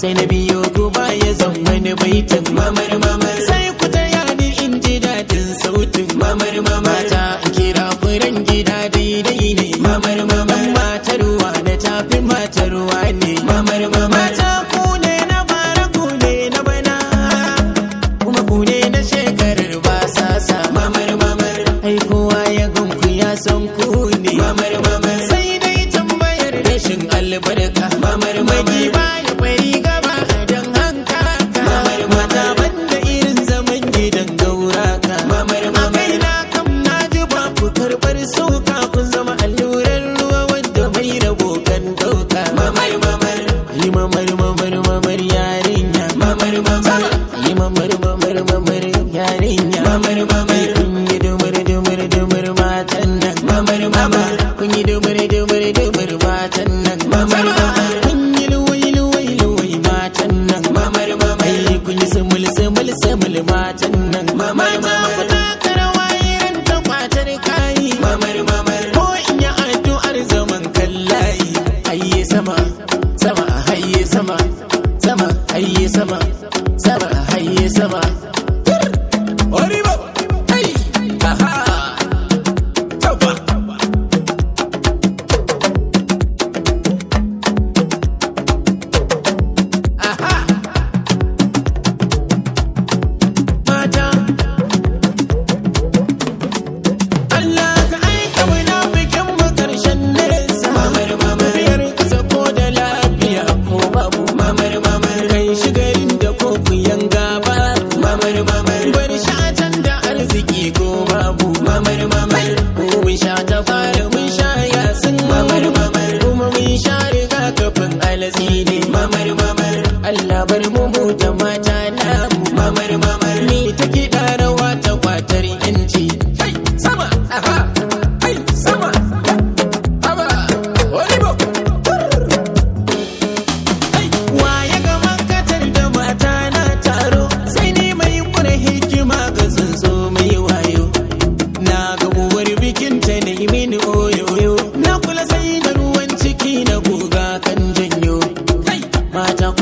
sai na biyo ku baya zama na baitin mamar mamar sai ku ta yani in ji dadin sautin mamar mamar ta kira furen gida daidai ne mamar mamar matar na tafi ruwa ne mamar mamar ta ku ne na bara ku ne na bana kuma ku ne na shekarar ba sasa mamar mamar ai kowa ya gunku ya san ku ne mamar mamar sai dai tambayar rashin albarka duka kun zama alluran ruwa wadda bai da bokan dauka mamar mamar yi mamar mamar mamar yarinya mamar mamar yi mamar mamar mamar yarinya mamar mamar kun yi dumar dumar dumar matan nan mamar mamar kun yi dumar dumar dumar matan nan mamar alatsi ne mamar mamar Allah bar mu mu da mata namu mamar mamar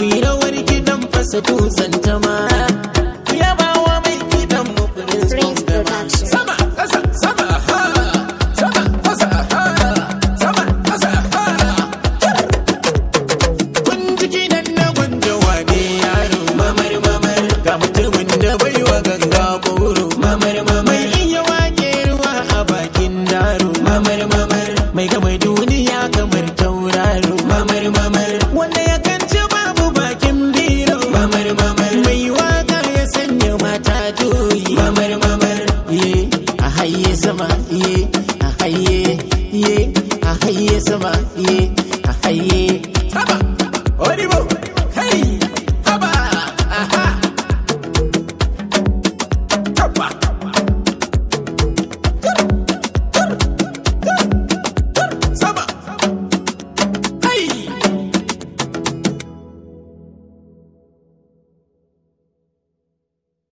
Ku yi rawar gidan fasa dutsen jama. Ku yaba wa mai gidan mu Prince Gama. Sama, sama, ha. Sama, ha. ha. na yaro mamar mamar. Ga mutumin da baiwa wa ganga mamar mamar. Mai iya ruwa a bakin daro mamar mamar. Mai gamai isso, é vai. Yeah.